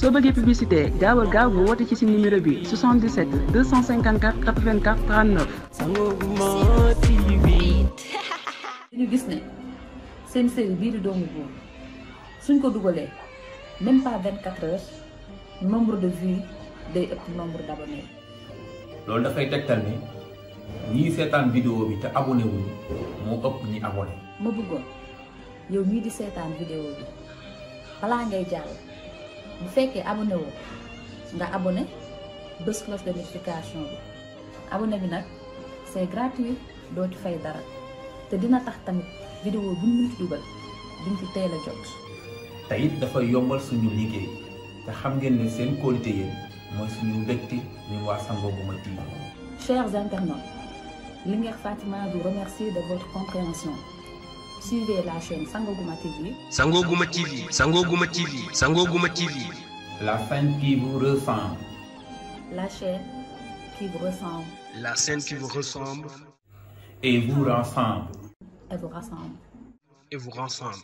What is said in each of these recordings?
So bëggee publicité gaawal gaaw nga woote ci si numéro bi 77 254 84 39. ñu gis ne seen seen bii di doomu buur suñ ko dugalee même pas 24 heures nombre de vie day ëpp nombre d' abonnés. loolu dafay tegtal ne ñii seetaan vidéo bi te abonné wu moo ëpp ñi abonné. ma bëggoon yow ñii di seetaan vidéo bi balaa ngay jàll bu fekkee abonné woo nga abonné bés cloche de notification bi abonné bi nag c'est gratuit doo ci fay dara te dina tax tamit vidéo bu ñu dugal duñ ci teel a jot. te it dafay yombal suñu liggéey te xam ngeen ne seen kóolute yéen mooy suñu mbégte ñu waa Sango Gouma TV. chers internautes Linguère Fatima vous remercie de votre compréhension. Suivez la chaîne Sangoguma TV. Sangoguma TV, Sangoguma TV, Sangoguma TV. La scène qui vous ressemble. La chaîne qui vous ressemble. La scène qui vous ressemble. Et vous rassemble. Et vous rassemble. Et vous rassemble.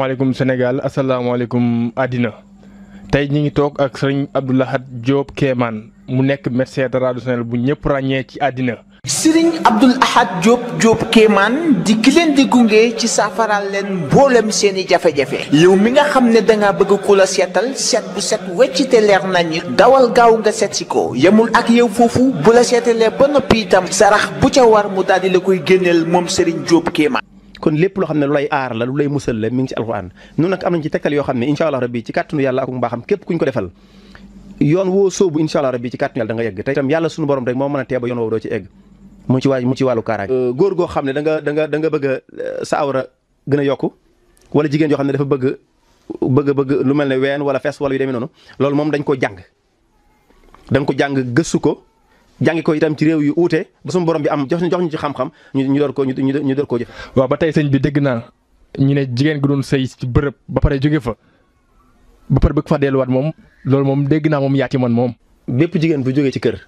alaikum Sénégal Assalamu Adina Tay ñi ngi tok ak Serigne Abdou Lahad Diop Kéemaan mu nekk médecin traditionnel bu ñëpp rañé ci Adina Sëriñ Abdul Ahad Diop Diop Kéemaan di ki leen di gunge ci saafaraal leen mboolem seen i jafe-jafe yow mi nga xam ne dangaa bëgg ku la seetal seet bu set te leer nañu dawal gaaw nga seet si ko yemul ak yow foofu bu la seetalee ba noppi itam sarax bu ca war mu daal la koy génneel moom Sëriñ Diop Kéemaan kon lépp loo xam ne lu lay aar la lu lay musal la mi ngi ci alxuraan nun nag am nañ ci tegtal yoo xam ne incha allah rabbi ci kàttanu yàlla ak mbaaxam képp kuñ ko defal yoon woo sóobu incha allah rabbi ci kàttanu yàlla te itam yàlla mu ci waay mu ci wàllu kaaraange. Euh, góor goo xam ne da nga da nga bëgg euh, sa awra gën a yokku wala jigéen joo xam ne dafa bëgg bëgg bëgg lu mel ne ween wala fes wala yu demee noonu loolu moom dañ ko jàng dañ jàng gëstu ko jàngi ko itam ci réew yu uute ba suñu borom bi am jox jox ñu ci ñu ñu door koo ñu ñu door koo jëf. waaw ba tey sëñ bi dégg naa ñu ne jigéen gi doon sëy ci bërëb ba pare jóge fa ba pare bëgg fa delluwaat moom loolu moom dégg naa moom yaa ci man moom. bépp jigéen bu jógee ci kër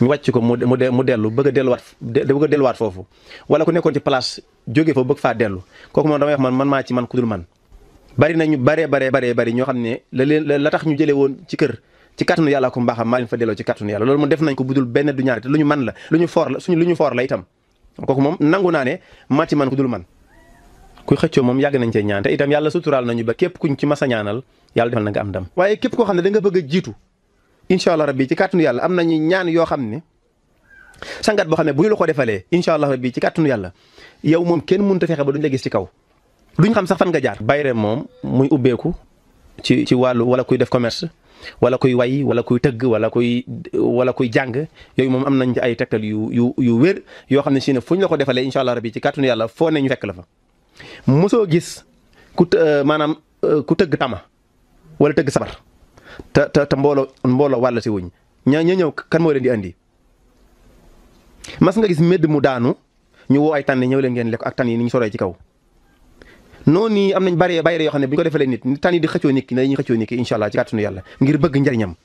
ñu wàcc ko mu mu mu dellu bëgg a delluwaat a delluwaat foofu wala ku nekkoon ci place jóge fa bëgg faa dellu kooku moom damay wax man man maa ci man ku dul man bari nañu xam ne la leen la tax ñu jëlee woon ci kër ci kàttanu yàlla ko mbaaxam maa leen fa delloo ci kàttanu yàlla loolu moom def nañ ko budul benn du ñaari te lu ñu la lu ñu foor la suñu lu ñu foor la itam kooku ku dul man xëccoo moom yàgg nañ cee ñaan te itam yàlla suturaal nañu ba képp kuñ ci mas a ñaanal yàlla defal na nga am ndam waaye képp koo xam ne da nga jiitu incha allah rabbi ci kàttanu yàlla am nañu ñaan yoo xam ne sangat boo xam ne bu ñu la ko defalee incha allah rabbi ci kàttanu yàlla yow moom kenn mënut fexe ba duñ la gis ci kaw duñ xam sax fan nga jaar. bayre moom muy ubbeeku ci ci wàllu wala kuy def commerce wala kuy way wala kuy tëgg wala kuy wala kuy jàng yooyu moom am nañ ci ay tegtal yu yu yu wér yoo xam ne si ne fu ñu la ko defalee incha allah rabbi ci kàttanu yàlla foo ne ñu fekk la fa mosoo gis ku euh, maanaam euh, ku tëgg tama wala tëgg sabar. te te te mbooloo mbooloo wàll si wuñ ña ña ñëw kan moo leen di indi mas nga gis mbedd mu daanu ñu woo ay tànn ñëw leen ngeen lekk ak tànn yi ni ñu soree ci kaw noonu nii am nañ bari bari yoo xam ne bu ñu ko defalee nit ni tànn yi di xëccoo nit ki dañuy xëccoo nit ki incha allah ci kàttanu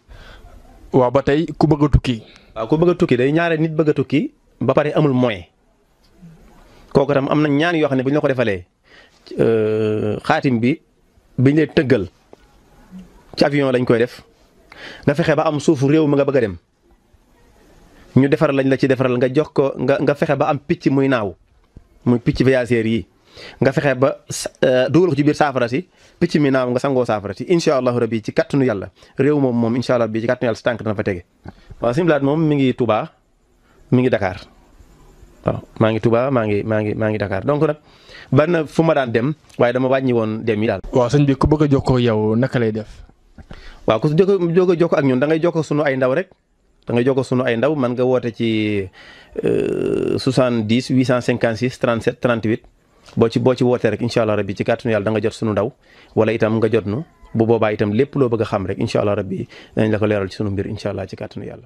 waaw ba tey ku bëgg tukki. waaw bëgg tukki day ñaare nit bëgg a tukki ba pare amul moyen kooku tam am na ñaan yoo xam ne bu ñu la ko defalee euh, xaatim bi biñ leen tëggal ci avion lañ koy def nga fexe ba am suufu réew ma nga bëgg a dem ñu defaral lañ la ci defaral nga jox ko nga nga fexe ba am picc muy naaw muy picc voyageur yi nga fexe ba euh, dugal ko ci biir saafara si picc mi naaw nga sangoo saafara si incha allahu ci kattanu yàlla réew moom moom incha allah bi ci kattanu yàlla si tànk dana fa tege. waaw moom mi ngi Touba mi ngi Dakar waaw maa ngi Touba maa ngi maa ngi maa ngi Dakar donc nag bari na fu ma daan dem waaye dama wàññi woon dem yi daal. waaw sëñ bi ku bëgg a jokkoo yow naka lay def. waaw ku si jóg a jokk ak ñun da ngay jokk sunu ay ndaw rek da ngay jokk sunu ay ndaw man nga woote ci 70 856 37 38 boo ci boo ci wootee rek incha allah rabbi ci kàttanu yàlla da nga jot sunu ndaw wala itam nga jot nu bu boobaa itam lépp loo bëgg xam rek incha allah rabbi danañ la ko leeral ci sunu mbir incha allah ci kàttanu yàlla.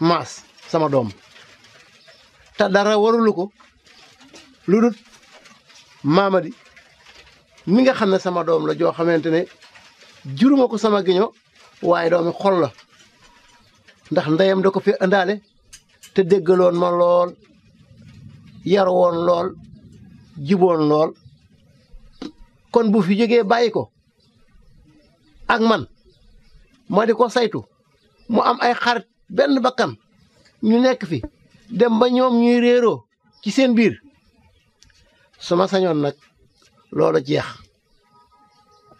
maas sama doom te dara warulu ko lu dul Mamady mi nga xam ne sama doom la joo xamante ne juruma ko sama giño waaye doomi xol la ndax ndeyam da ko fi indaale te déggaloon ma lool yar woon lool jiboon lool kon bu fi jógee bàyyi ko ak man ma di ko saytu mu am ay xarit benn bakkan ñu nekk fi dem ba ñoom ñuy réeroo ci seen biir suma sañoon nag loolu jeex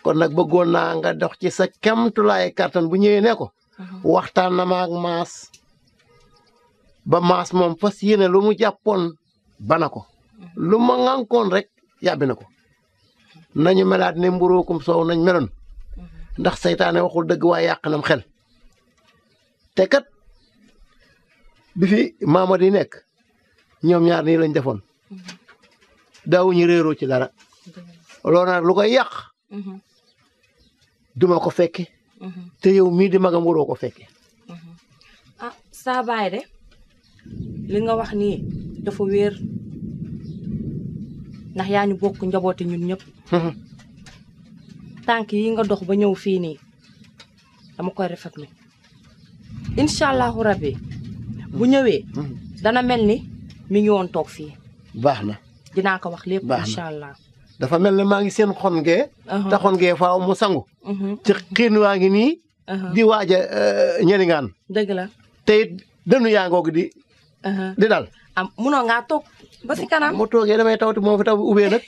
kon nag bëggoon naa nga dox ci sa kemtulaay kàttan bu ñëwee ne ko waxtaan na maag maas ba maas moom fas yéene lu mu jàppoon bana ko lu ma ŋànkoon rek yàbbi na ko nañu melaat ne mburóokum soow nañ meloon ndax seytaane waxul dëgg waaye yàq nam xel te bi fi maama di nekk ñoom ñaar nii lañ defoon daawuñu réeroo ci dara loolu nag lu koy yàq mhm. duma ko fekke mhm. te yow mii di magam waroo ko fekke mhm. ah saa de li nga wax ni dafa wéer ndax yaa ñu bokk njaboote ñun ñëpp tànk yi nga dox ba ñëw fii nii dama koy rafetlu incha allahu bu ñëwee. dana mel ni mi ngi woon toog fii. baax na dinaa ko wax lépp. incha allah dafa mel ni maa ngi seen xon gee. Uh-huh. te xon gee faaw sangu. Uh-huh. ci xiin waa ngi nii. Uh-huh. di waaj a uh, ñaringaan. dëgg la ngoog di. di dal. am munoo ngaa toog ba si kanam. mu toogee damay tawti moo fi taw ubbee nag.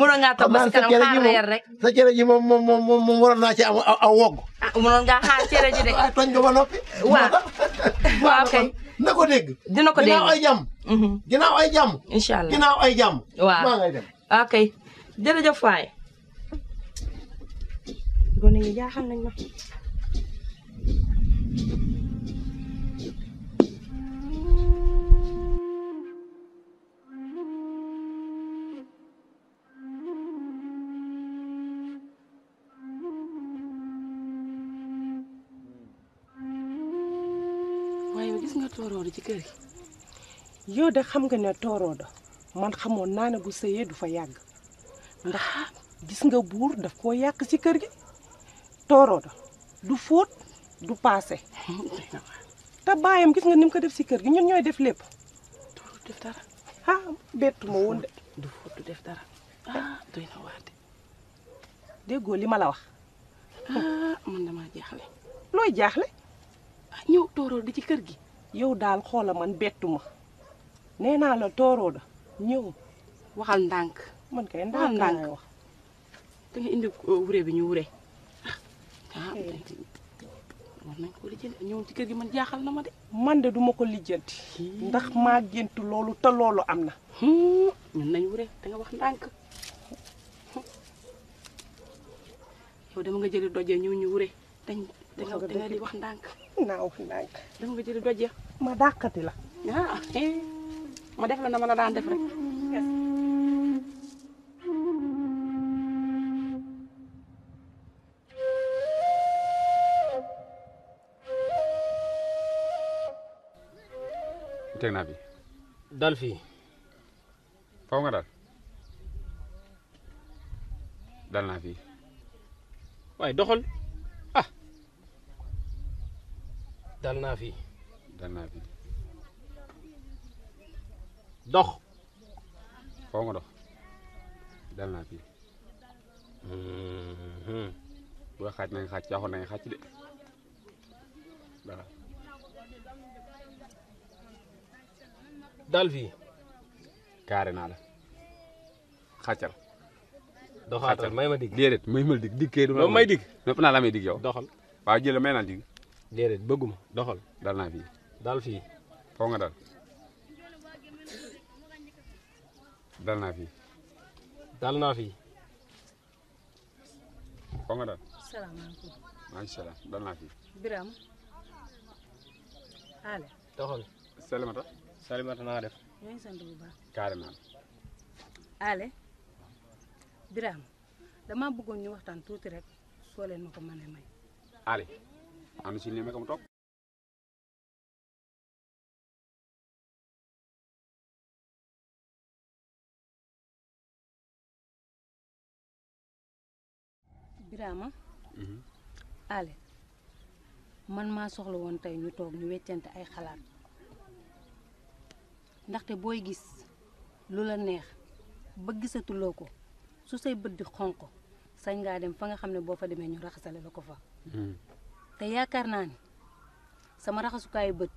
munoo ngaa toog ba si reer rek. sa cere ji moom moom moom moom waroon naa ci am aw wogg. ah munoon ngaa xaar cere ji de. waaw ah, tooñ nga ba noppi. waaw waaw kay. na ko dégg. dina ko dégg mhm. ginnaaw ay jàmm. ginnaaw ay jàmm. allah ginnaaw ay jàmm. waaw maa ngay dem. ok gone yi jaaxal ma. gis nga tooroodo ci kër yi yo da xam nga ne do man xamoon naa ne bu sëyee du fa yàgg ndax gis nga buur daf koo yàq ci kër gi do du fóot du passé ta baayam gis nga nim ko def ci kër gi ñun ñooy def lépp toro def dara ah bettu ma woon de du fóot du def dara ah, ah doy na waate déggoo li ma la wax ah man dama jaaxle looy jaaxle ah, ñëw toro di ci kër gi yow daal xoola man bettu nee naa la tooroo da ñëw. waxal ndànk. man kay ndànk ndànk wax. da nga indi wure bi ñu wure. ah, ah ñëw ci kër gi man jaaxal na ma de. duma ko lijjanti. Hmm. ndax maa loolu te am na. Hmm. ñun nañ wure da nga wax ndànk. yow dama nga jëli doje ñëw ñu wure dañ da nga di wax ndànk. naa wax ndànk. dama nga jëli doje. ma dàqati la. Ah, ma def la na ma la daan def rek. teg naa fi. dal fii. faw nga dal. dal naa fii. waaye doxal ah. dal naa fi gànnaaw bi dox foo nga dox gànnaaw bi mm-hmm. boo xaaj nañ xaaj caaxoon nañ xaaj de waaw daal fii kaare naa la xàccal doxaatal may ma dig déedéet may ma dig dig kay du ma may naa la may dig yow doxal waaw jël may naa dig déedéet bëgguma doxal dal naa fii daal fii faw nga daal dal naa fii dal naa fii faw nga daal salaamaaleykum maaleykum salaam dal naa fii Biram ale doxal Salimata Salimata na def ñoo ngi sant bu baax carrément ale Biram dama bëggoon ñu waxtaan tuuti rek soo ma ko mën may ale am na ma ko mu toog Birama mhm. ale man maa soxla woon tey ñu toog ñu weccante ay xalaat ndaxte booy gis lu la neex ba gisatuloo ko su say bët di xonq sañ ngaa dem fa nga xam ne boo fa demee ñu raxasale la ko fa mhm. te yaakaar naa ni sama raxasukaayu bët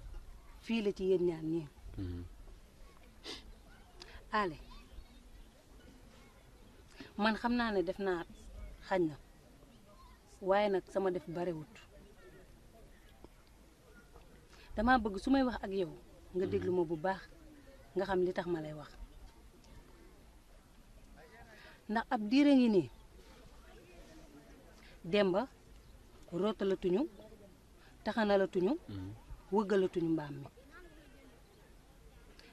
fii la ci yéen ñaar ñii mhm. ale man xam naa ne def naa xañ na waye nak sama def wut dama bëgg sumay wax ak yow nga mhm. déglu ma bu baax nga xam li tax ma lay wax ndax ab diire ngi ni demba rootalatuñu lotunyung, mhm. tuñu mbam mi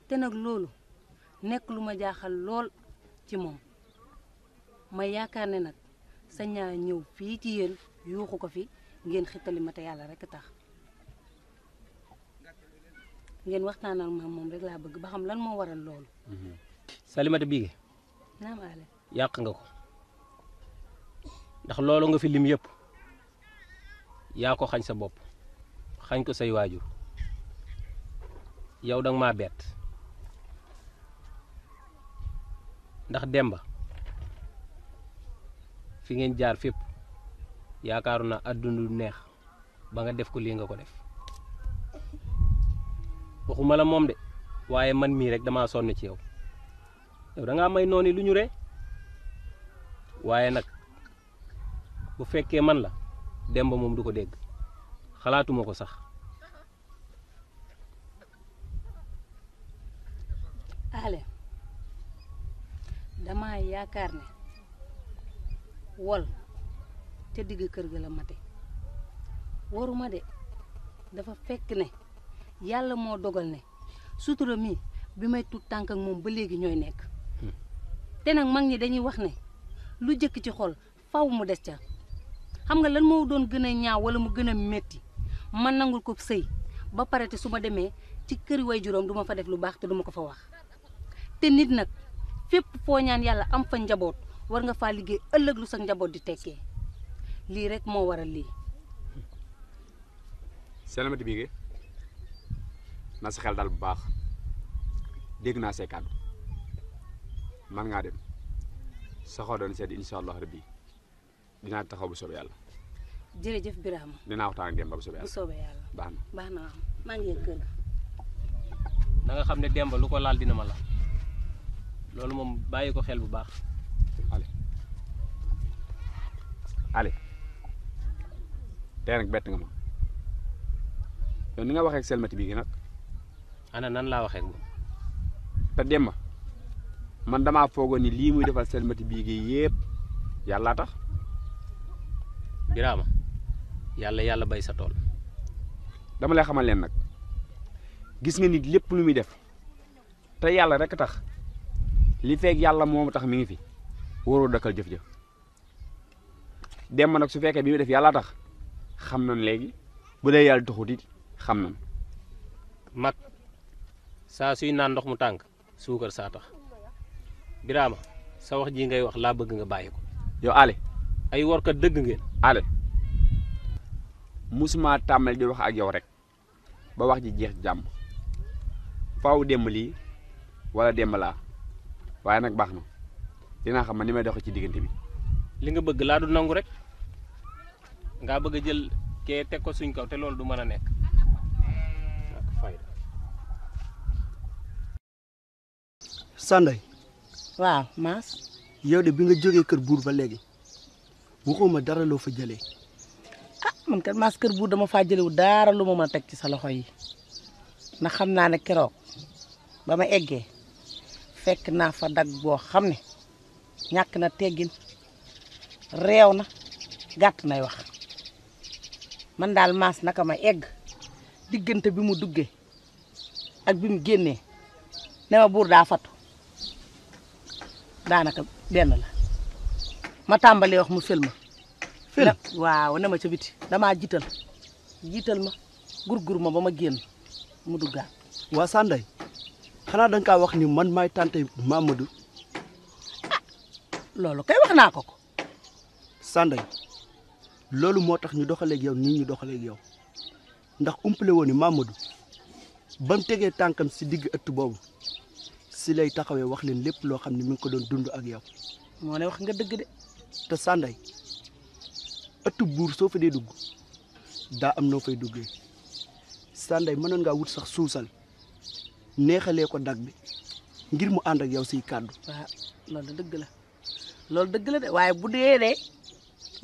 té nak loolu nek luma jaaxal lool ci mom ma yaakaane nak sañ ñew fi fii ci yéen yuuxu ko fi ngeen xitali mata yalla rek tax ngeen waxtaan ak maam moom rek la bëgg ba xam lan mo waral lool mhm. Salimata Biége. naam ale yaq nga ko ndax loolu nga fi lim yëpp yaa ko xañ sa bopp xañ ko say wajur yow ma bet ndax Demba fi ngeen jaar fépp adunun na àdduna du neex ba nga def ko lii nga ko def waxuma la moom de waaye man mii rek damaa sonn ci yow yow da ngaa may noonu lu ñu re waaye nag bu fekkee man la Demba moom du ko dégg xalaatuma sax ale damaa yaakaar ne wol ca digg kër ga la mate waruma de dafa fekk ne yàlla moo dogal ne sutura mi bi may tuut tànkak moom ba léegi ñooy nekk hmm. te nag mag ñi dañuy wax ne lu jëkk ci xol faw mu des ca xam nga lan moo doon gën a ñaaw wala mu gën a métti man nangul ko sëy ba pare te su ma demee ci kër way juróom duma fa def lu baax te duma ko fa wax te nit nag fépp foo ñaan yàlla am fa njaboot war nga faa liggéey ëllëg lu sa njaboot di tekkee lii rek moo waral lii. Salamati Bigué na sa xel daal bu baax dégg naa say kàddu man ngaa dem saxoo doon seet incha allah rabbi dinaa taxaw bu soobee yàlla. jërëjëf Birama dinaa waxtaan ak Demba bu soobee yàlla bu soobee yàlla. baax na maa ngi kër na nga xam ne Demba lu ko laal dina ma la loolu moom bàyyi ko xel bu baax. allez allez tey nag bett nga ma yow ni nga waxee ak selmati bii gi nag. ana nan laa waxee ak moom. te Demba man damaa foogoon ni lii muy defal selmati bii gi yépp yàlla tax. Birama yàlla yàlla bay sa tool. dama lay xamal leen nag gis nga nit lépp lu muy def te yàlla rek tax li feeg yàlla moom tax mu ngi fi Woro dakal jëf ja dem nak su fekke bi mu def yalla tax xam nañ legi bu dee yalla taxut xam nan mak sa suy nan ndox mu tank suukar sa tax birama sa wax ji ngay wax la bëgg nga bayiko yo ale ay ka deug ngeen ale musuma tamel di wax ak yow rek ba wax ji jeex jam faaw dem li wala dem la waye nak baxna dina xam ni may dox ci digënté bi li nga bëgg la du nangu rek nga bëgg jël ké té ko suñ kaw té loolu du mëna nek sanday waaw mas yow de bi nga jógee kër buur ba léegi waxuma dara lo fa jëlee ah man kat mas kër buur dama faa jëlewu dara lu ma mën a teg ci sa loxo yi ndax ne keroog ba ma fekk na fa dag bo ne ñàkk na teggin réew na gàtt nay wax man daal maas naka ma egg diggante bi mu duggee ak bi mu génnee ne ma buur daa fatu daanaka benn la ma tàmbalee wax mu fël ma fël waaw ne ma ca biti damaa jiital jiital ma gurgur ma ba ma génn mu duggaat waa Sanday xanaa danga kaa wax ni man maay tante Mamadou loolu kay wax naa ko ko. Sandañ loolu moo tax ñu doxaleeg yow nii ñu doxaleeg yow ndax umpale woon ni Mamadou ba mu tegee tànkam si digg ëtt boobu si lay taxawee wax leen lépp loo xam ne mi ngi ko doon dund ak yow. moo ne wax nga dëgg de. te Sandañ ëtt buur soo fa dee dugg daa am noo fay duggee Sandañ mënoon ngaa wut sax suusal neexalee ko dag bi ngir mu ànd ak yow siy kàddu. waaw loolu dëgg la. loolu dëgg la de waaye bu dee de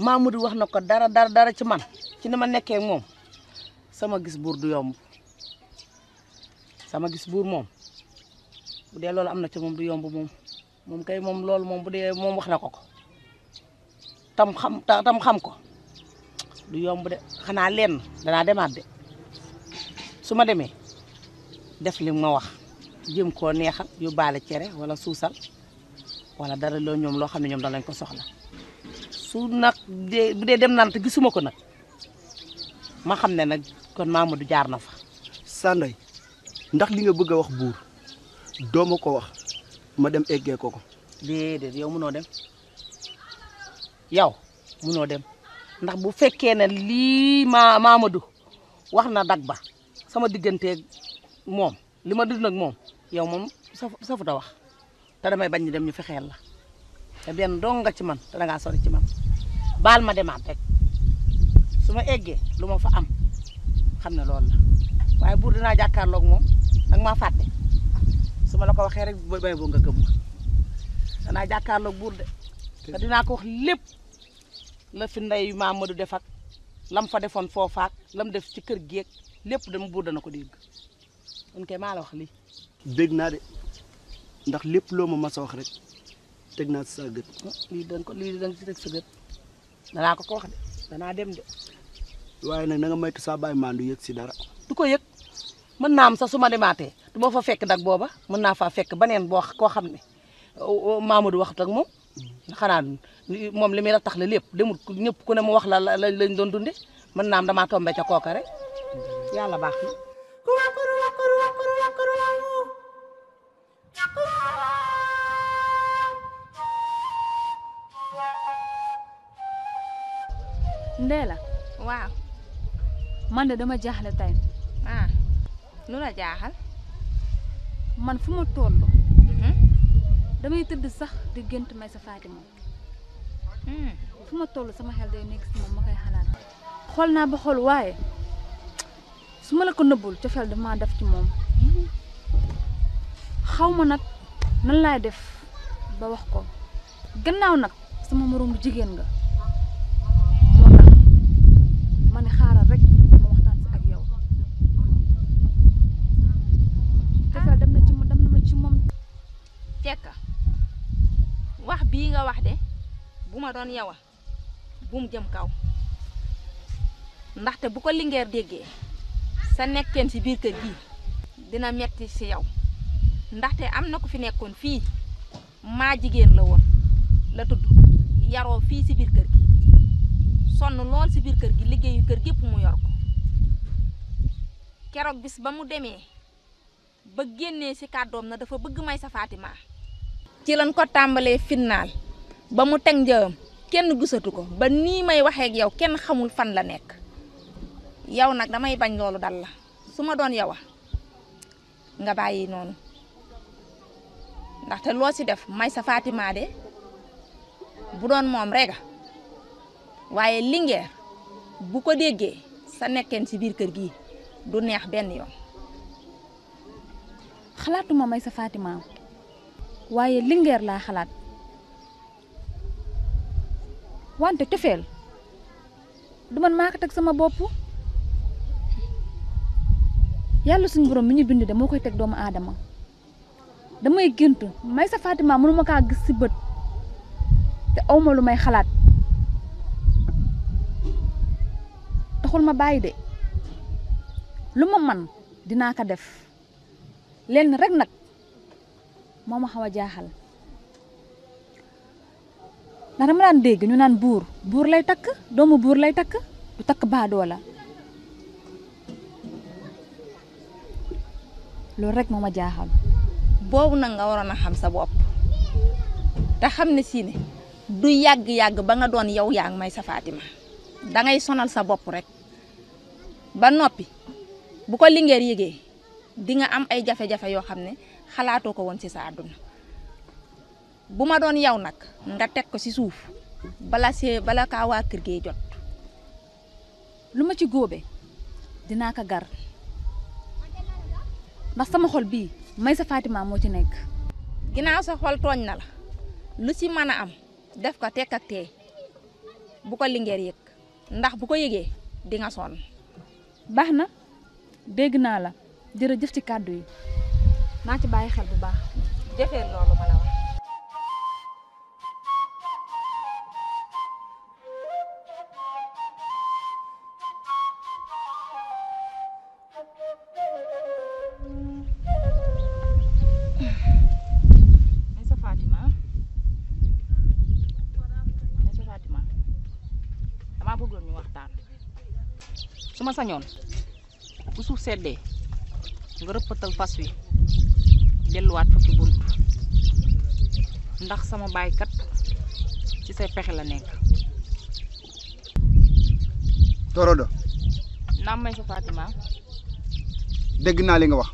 Mamadou wax na ko dara dara dara ci man ci ni ma nekkee moom sama gis buur du yomb sama gis buur moom bu dee loolu am na ci moom du yomb moom moom kay moom loolu moom bu dee moom wax na ko ko tam xam xam ko du yomb de xanaa lenn danaa demaat de su ma demee def li ma wax jëm koo neexal yóbbaale cere wala suusal wala dara lo ñom lo xamni ñom da sunak ko soxla su nak bu dem naan te gisuma ko nag ma xam nak kon Mamadou jaar na fa. sanday ndax li nga bëgg wax buur dooma ko wax ma dem eggé koko yow mëno dem yow mëno dem ndax bu fekkee na li ma Mamadou wax na dag ba sama digënté mom lima dund nak mom yow mom sa sa fa wax. te ma bañ ñu dem ñu fexeel la te benn dong nga ci man te dangaa sori ci man baal ma demaat rek su ma eggee lu ma fa am xam ne loolu la waaye buur dinaa jàkkaarloog moom nag maa fàtte su ma la ko waxee rek bay boo nga gëm ma danaa jàkkaarloog buur de te dinaa ko wax lépp la fi ndey Mamadou def ak lam fa defoon foofaak lam def ci kër géeg lépp dama buur dana ko dégg kon kay maa wax lii dégg naa de ndax lepp lo ma massa wax rek tek na sa geut oh, li dañ ko li dañ ci tek sa ko ko wax de danaa dem de waye nak na nga maytu saa bàyyi maan si dara du ko yek man naa am sax su du mo fa fekk dak boba man na fa fekk beneen bo ko xam ne oh, oh, Mamadou wax tak mom mm. xana mom limi la tax la lepp demul ñepp ku ne mu wax la lañ doon dundé man naa am tombé ca koka rek mm. yalla bax Ndela. waaw. man de dama jaaxle tay ah lula jaxal man fuma tollu hmm damay teud sax di gënt may sa Fatima. hmm fuma tollu sama xel day nek sama makay ma koy xalaat. ba xol waye suma la ko ci fel dama def ci mom hmm. xawma nak nan lay def ba wax ko gannaaw nak sama morom bu jigen nga. la wax de bu ma doon yowa a bum jëm kaw ndaxte bu ko lingeer déggee sa nekkeem ci biir kër gi dina metti ci yow ndaxte am na ku fi nekkoon fii maa jigéen la woon la tudd yaroo fii ci biir kër gi sonn lool ci biir kër gi liggéeyu kër gépp mu yor ko keroog bis ba mu demee ba génnee ci kàddoom na dafa bëgg may sa Fatima ci lañ ko tàmbalee finnaal ba mu teng jeum kenn gisatu ko ba ni may waxe ak yow kenn xamul fan la nek yow nak damay bañ lolu dal la suma don yow nga non ndax te lo ci def may sa Fatima de bu don mom rega waye lingeer bu ko dege sa nekken ci bir keur gi du neex ben yo khalatuma may sa Fatima waye linger la khalat wante cofeel du man maa ko teg sama bopp yàlla suñu borom mi ñu bind de moo koy teg doomu aadama damay gént may sa Fatima mënuma kaa gis ci bët te awma lu may xalaat taxul ma bàyyi de lu ma man dinaa ko def lenn rek nag moo ma xaw a jaaxal ndax dama daan dégg ñu nan bour bour lay tak doomu bour lay tak du tak baadoo la lo rek moma jaaxal bobu nag nga warona xam sa bop ta xam ne si ne du yag yag ba nga doon yow yaang may sa Fatima da ngay sonal sa bop rek ba nopi bu ko lingere yegge di nga am ay jafé jafé yo xamne xalaato ko won ci sa aduna bu ma doon yow nag nga teg ko ci suuf bala see bala kaa waa kër gee jot lu ma ci góobe dinaa ko gar ndax sama xol bii may sa Fatima moo ci nekk ginnaaw sa xol tooñ na la lu ci mën a am def ko tekk ak tey bu ko lingeer yëg ndax bu ko yëgee di sonn baax na dégg naa la jër jëf ci kàddu yi naa ci bàyyi xel bu baax su ma sañoon bu suuf sédé nga rëppatal fas wi wat fukki buntu ndax sama kat ci say pexé la nek torodo naam may sa Fatima dégg na li nga wax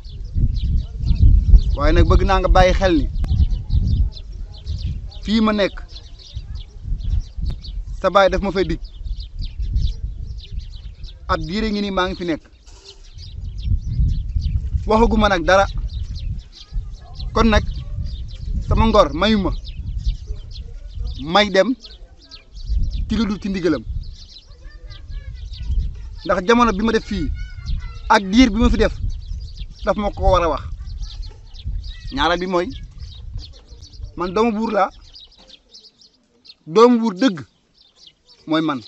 waaye nak bëgg na nga bayyi xel ni fi ma nek sa bay daf ma fay dig ab diire ngi ni maa ngi fi nekk waxaguma nag dara kon nag sama ngor mayuma may dem ci lu dul ci ndigalam ndax jamono bi def fii ak diir bi fi def daf ma ko war a wax ñaareel bi mooy man doomu buur laa doomu buur dëgg mooy man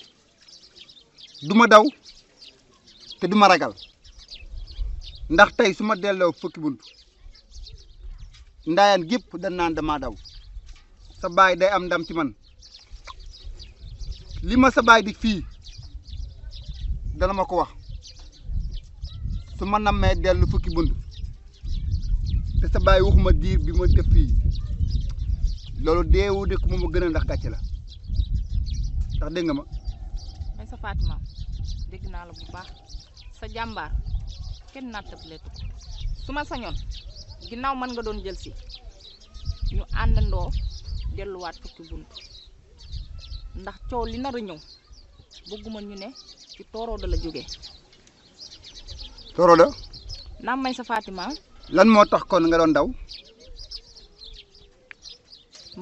duma daw te duma ragal ndax tay suma delo fukki buntu ndayan gep da naan dama daw sa bay day am ndam ci man lima sa bay di fi dana ma ko wax suma namé delu fukki buntu te sa bay waxuma dir bi ma def fi loolu deewu de ko ma gëna ndax gàcce la ndax dégg nga ma. ay sa Fatima dégg na la bu baax sa jambar kenn nattableetu su suma sañon ginnaaw man nga doon jël ci ñu àndandoo delluwaat fukki buntu ndax ciow li nar a ñëw bëgguma ñu ne ci da la toro da nam may sa Fatima. lan mo tax kon nga doon daw.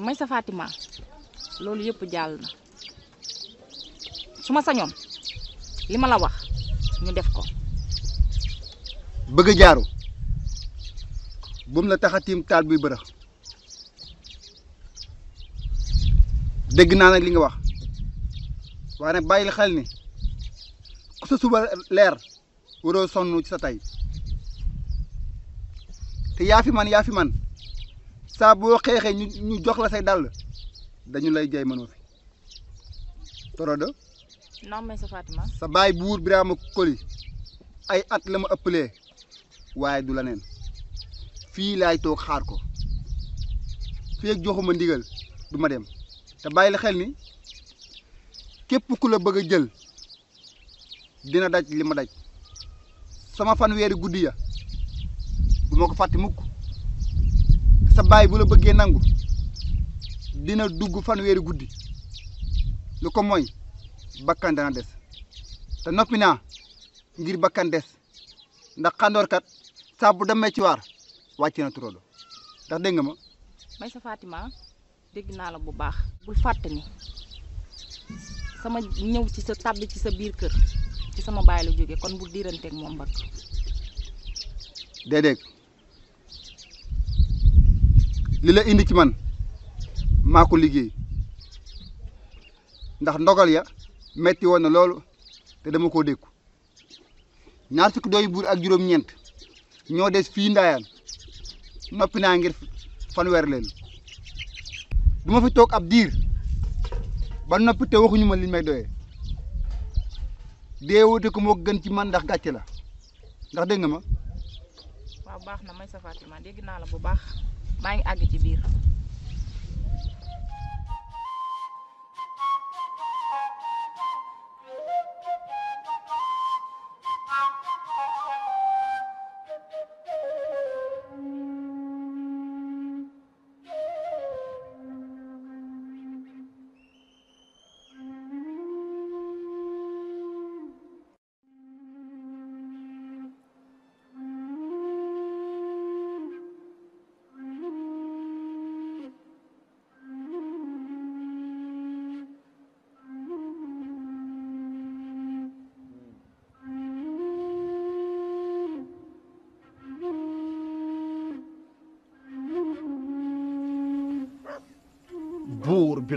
may sa Fatima lolu yëpp jall na suma sañon lima la wax. ñu def ko bëgg a jaaru bu mu la tax tiim taal buy bërëx dégg naa nag li nga wax waaye nag bàyyil xel ni ku sa suba leer waroo sonn ci sa tey te yaa fi man yaa fi man saa boo xeexee ñu jox la say dàll dañu lay jay mënoo torodo naam may sa Fatima. sa baay buur Birama Koli ay at la ma ëppalee waaye du la neen fii laay toog xaar ko fii joxuma ndigal du ma dem te bàyyi la xel ni képp ku la bëgg a jël dina daj li ma daj sama fanweeri guddi ya du ma ko fàtte mukk sa baay bu la bëggee nangu dina dugg fanweeri guddi lu ko mooy bakkan dana dess te noppi ngir bakkan des ndax kat sa bu demé ci war waccina na ndax deg nga ma may sa fatima deg na la bu baax bu fatani sama ñew ci sa tab ci sa biir kër ci sama bàyyi la jóge kon bu diiranteeg ak mom bak li lila indi ci man mako ndax ndogal ya metti woon na loolu te dama koo dékku ñaar fukki dooyu buur ak juróom-ñeent ñoo des fii ndaayaan noppi naa ngir fanweer leen du fi toog ab diir ba noppi te waxuñu ma li may doyee deewute ko moo gën ci man ndax gàcce la ndax dégg nga ma. waaw baax na may sa Fatima dégg naa la bu baax maa ngi àgg ci biir.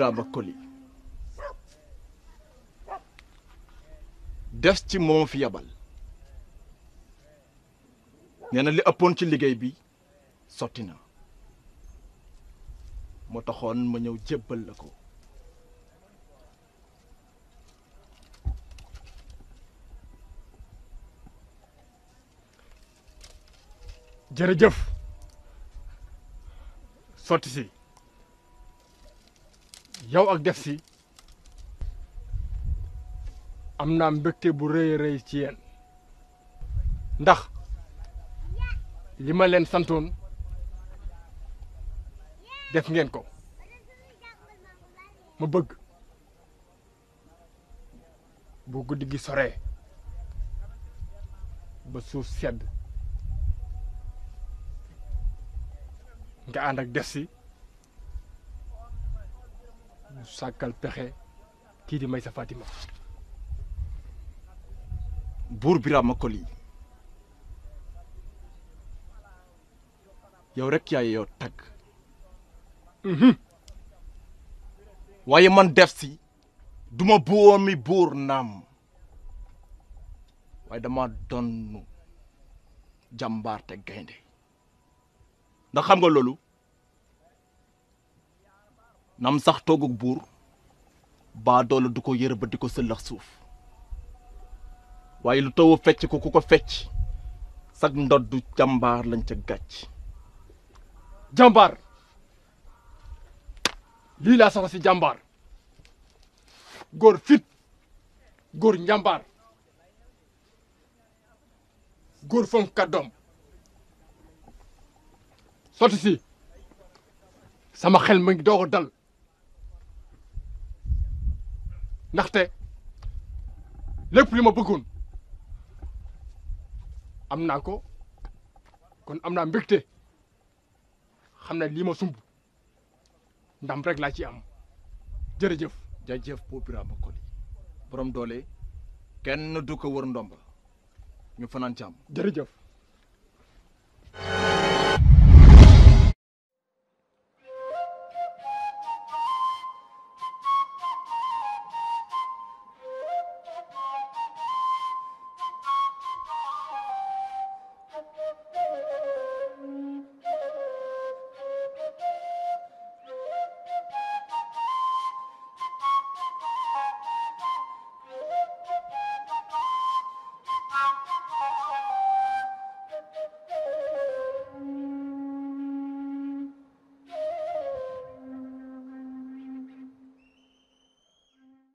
Birama Koli des ci moom fi yabal nee na li ëppoon ci liggéey bi sotti na moo taxoon ma ñëw jébbal la ko jërëjëf sotti si yow ak def si am na mbégte bu rëy rëy ci yéen ndax li ma leen santoon def ngeen ko ma bëgg bu guddi gi soree ba suuf sedd nga ànd ak def si sàkkal pexe kii di Maysa Fatima buur Birama lii yow rekk yaay yow tagg mhm. waaye man def si duma buwoon buur naam waaye dama donn jàmbaar te gaynde ndax xam nga loolu nam sax toogug buur baa doole du ko yërë ba di ko sëllax suuf waaye lu taw fecc ko ku ko fecc sag ndoddu jàmbaar lañ ca gàcc jàmbaar lii laa soxla si jàmbaar góor fit góor njàmbaar góor fonk kàddoom sotti si sama xel ma ngi doog a dal ndaxte lépp li ma bëggoon am naa ko kon am naa mbégte xam na lii ma sumb ndam rek laa ci am jërëjëf. jaajëf Paul Birame Coly borom doole kenn du ko wër ndomba ñu fanaan jàmm jërëjëf.